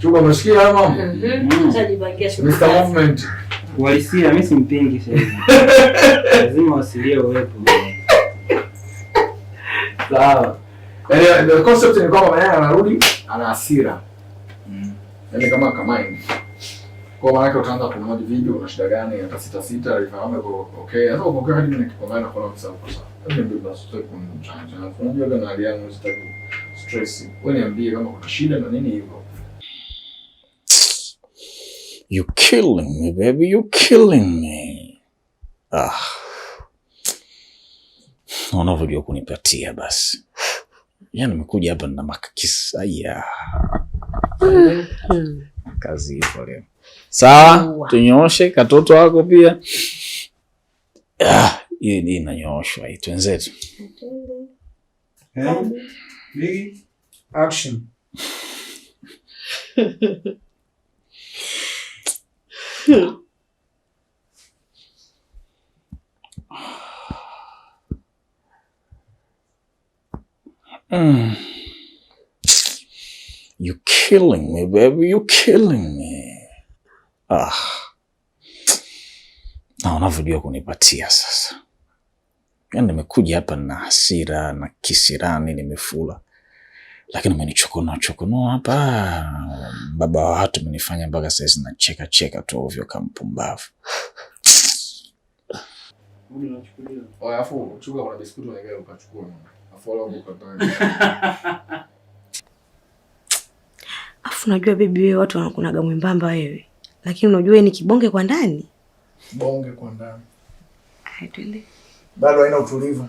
Chuba umesikia haya mambo? Mr. Mhm. Mhm. Mm. Movement. Walisia mimi simpingi sasa. Lazima wasilie uwepo. Sawa. Yaani the concept ni kwamba Mayai anarudi ana hasira. Mm. Yaani kama kamaini. Kwa maana yake utaanza kununua video una shida gani hata sita sita alifahamu kwa okay. Sasa uko kwa hadi mimi kwa maana kwa sababu kwa sababu. Ndio ndio basi tu kwa mchana. Unajua gana alianza stress. Wewe niambie kama kuna shida na nini hivyo. You're killing me baby, you're killing me. Ah, wanavyojua kunipatia basi. Yani nimekuja hapa na makakisa ya kazi hiyo leo. Sawa, tunyooshe katoto wako pia. Ah, hii ni inanyooshwa hii, twenzetu. Eh? Action. Hmm. Mm. You're killing me, baby. You're killing me. Ah. Na unavyojua kunipatia sasa. Yaani nimekuja hapa na hasira na kisirani nimefula lakini umenichukunua chukunua hapa, baba wa watu umenifanya mpaka saizi nacheka cheka tu ovyo kama mpumbavu. Afu unajua bebi, wewe watu wanakunaga mwembamba wewe, lakini unajua ni kibonge kwa ndani, bonge kwa ndani bado haina utulivu.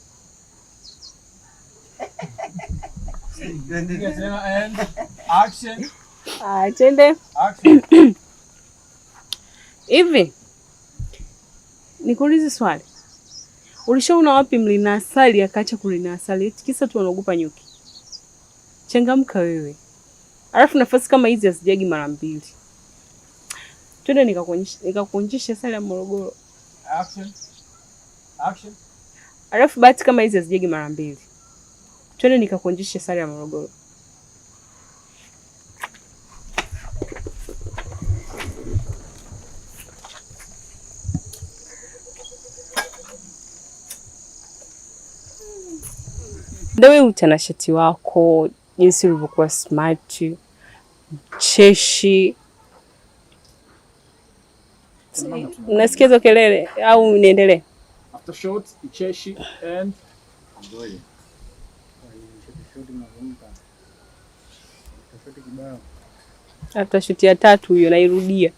Twende hivi, nikuulize swali, ulishaona wapi mlina asali akaacha kulina asali eti kisa tu wanaogopa nyuki? Changamka wewe, alafu nafasi kama hizi hazijagi mara mbili. Twende nikakuonjesha asali ya Morogoro, alafu bahati kama hizi hazijagi mara mbili. Twende nikakuonjeshe sare ya Morogoro. Ndewe utanashati wako jinsi ulivyokuwa smart, cheshi. Unasikia hizo kelele au niendelee? After short, cheshi and hata shuti ya tatu hiyo nairudia,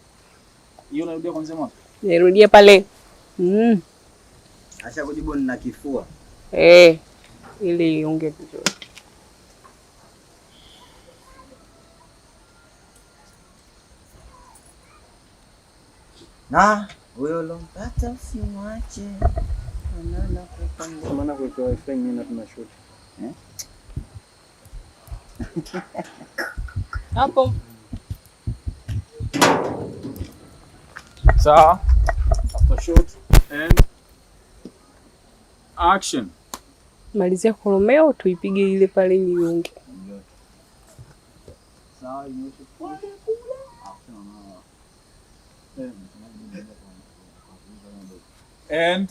nairudia pale mm. Asha kujibu nina kifua eh, ili unge vizuri. Na wewe ulompata usimwache, maana kwa kwa wifi mimi na tunashuti eh hapo. Sawa, shot and action. Malizia koromeo, tuipige ile pale niunge And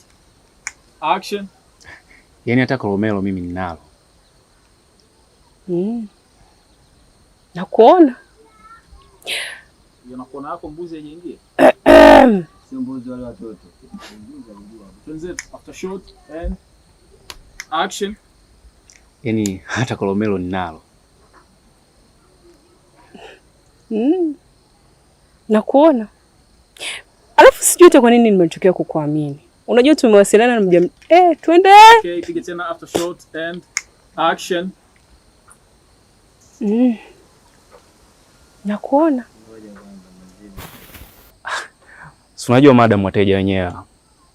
action. Yani hata koromelo mimi ninalo. Mm na Nakuona nakuona yako mbuzi yenye ingia sio mbuzi wale watoto. After shot and action. Yani hata kolomelo ninalo. Mm. kuona Alafu sijui hata kwa nini nimetokea kukuamini. Unajua tumewasiliana na mjam... Eh, twende. Okay, piga tena after shot and action. Mm. Nakuona. Si unajua madam, wateja wenyewe,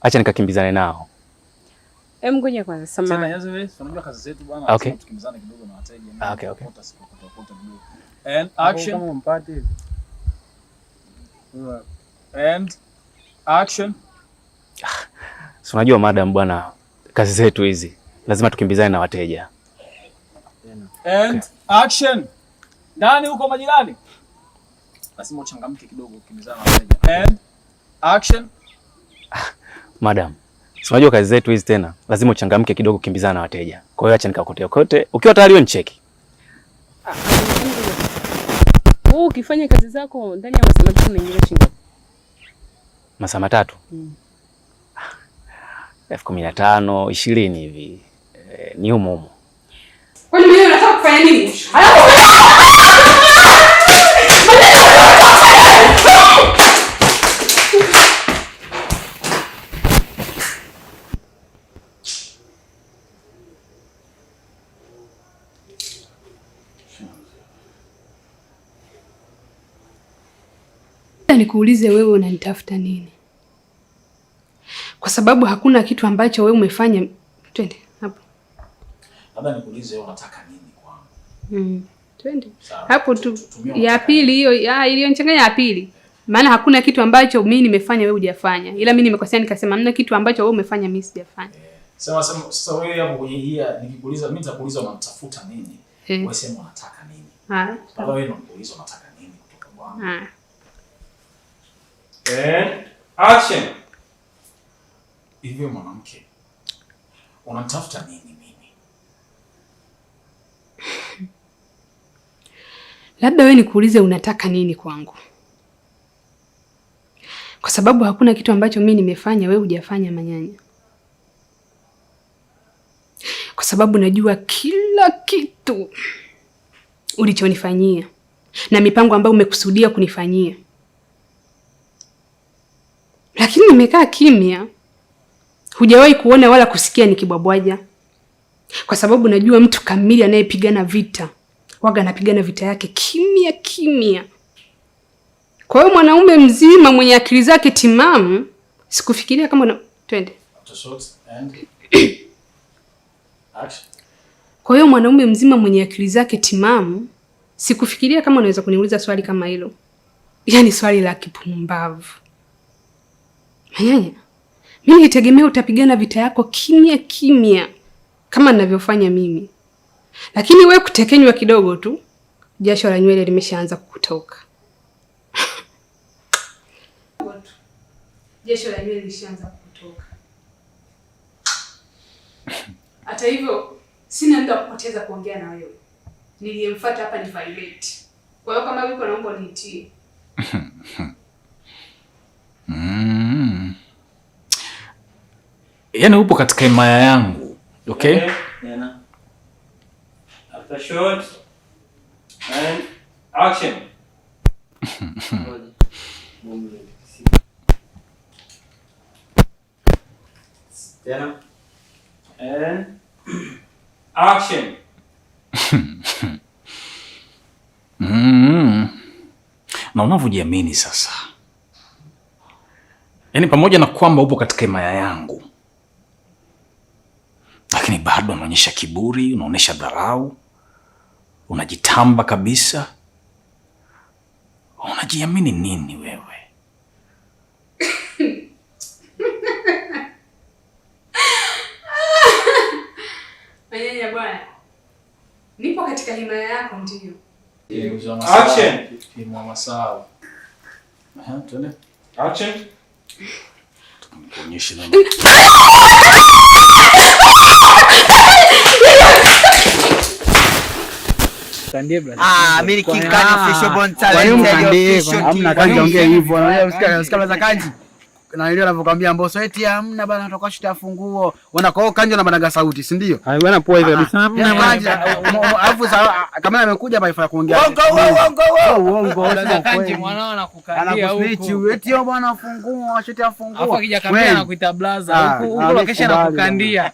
acha nikakimbizane nao. Em, ngoja kwanza, samahani. Unajua kazi zetu bwana, okay. Tukimbizane kidogo na wateja. Ah, okay, okay. And action. Kama uh, And action. Si unajua madam bwana, kazi zetu hizi lazima tukimbizane na wateja. And okay. Action. Nani huko majirani? lazima uchangamke kidogo, kimbizana na mteja. And action. Madam, unajua kazi zetu hizi tena, lazima uchangamke kidogo, kimbizana na wateja. Kwa hiyo acha nikakote kote, ukiwa tayari wewe nicheki. Ah, wewe ukifanya kazi zako ndani ya masaa matatu unaingia shilingi? Masaa matatu? Mm. elfu kumi na tano ishirini hivi eh, ni humo humo. Kwani mimi nataka kufanya nini? nikuulize wewe unanitafuta nini? Kwa sababu hakuna kitu ambacho wewe umefanya. Twende hapo. Labda nikuulize wewe unataka nini kwangu? Mm. Twende. Hapo tu ya pili hiyo iliyonichanganya ya pili. Maana hakuna kitu ambacho mimi nimefanya wewe hujafanya. Ila mimi nimekosea nikasema hamna kitu ambacho wewe umefanya mimi sijafanya. Eh, sema sema sasa wewe hapo kwenye hii nikikuuliza mimi nitakuuliza unamtafuta nini? Eh. Wewe sema unataka nini? Ah. Baba wewe unauliza unataka nini kutoka kwangu? Ah action. Hivyo mwanamke, unamtafuta nini mimi? Labda wewe nikuulize unataka nini kwangu, kwa sababu hakuna kitu ambacho mimi nimefanya wewe hujafanya, manyanya, kwa sababu najua kila kitu ulichonifanyia na mipango ambayo umekusudia kunifanyia lakini nimekaa kimya, hujawahi kuona wala kusikia nikibwabwaja, kwa sababu najua mtu kamili anayepigana vita waga anapigana vita yake kimya kimya. Kwa hiyo mwanaume mzima mwenye akili zake timamu, sikufikiria kama twende. Kwa hiyo mwanaume mzima mwenye akili zake timamu, sikufikiria kama unaweza kuniuliza swali kama hilo, yaani swali la kipumbavu. Anyanya, mimi nitegemea utapigana vita yako kimya kimya kama ninavyofanya mimi, lakini we kutekenywa kidogo tu, jasho la nywele limeshaanza kukutoka. Jasho la nywele lishaanza kukutoka. Hata hivyo, sina muda wa kupoteza kuongea na wewe. Niliyemfuata hapa ni Violet. Kwa hiyo kama yuko naomba niitie. yani upo katika imaya yangu okay? Okay. Yeah. After and action. Mm-hmm. Na unavyojiamini sasa, yaani pamoja na kwamba upo katika imaya yangu lakini bado unaonyesha kiburi, unaonyesha dharau, unajitamba kabisa. Unajiamini nini wewe? Mwenyeji bwana, nipo katika himaya yako, ndio Action. Ah, ah, anavyokwambia Mbosso eti hamna bana, funguo Kanja na banaga sauti, si ndio? Alafu ah, kama amekuja hapa kuongea eti funguo funguo, anakuita blaza huko huko, kesha anakukandia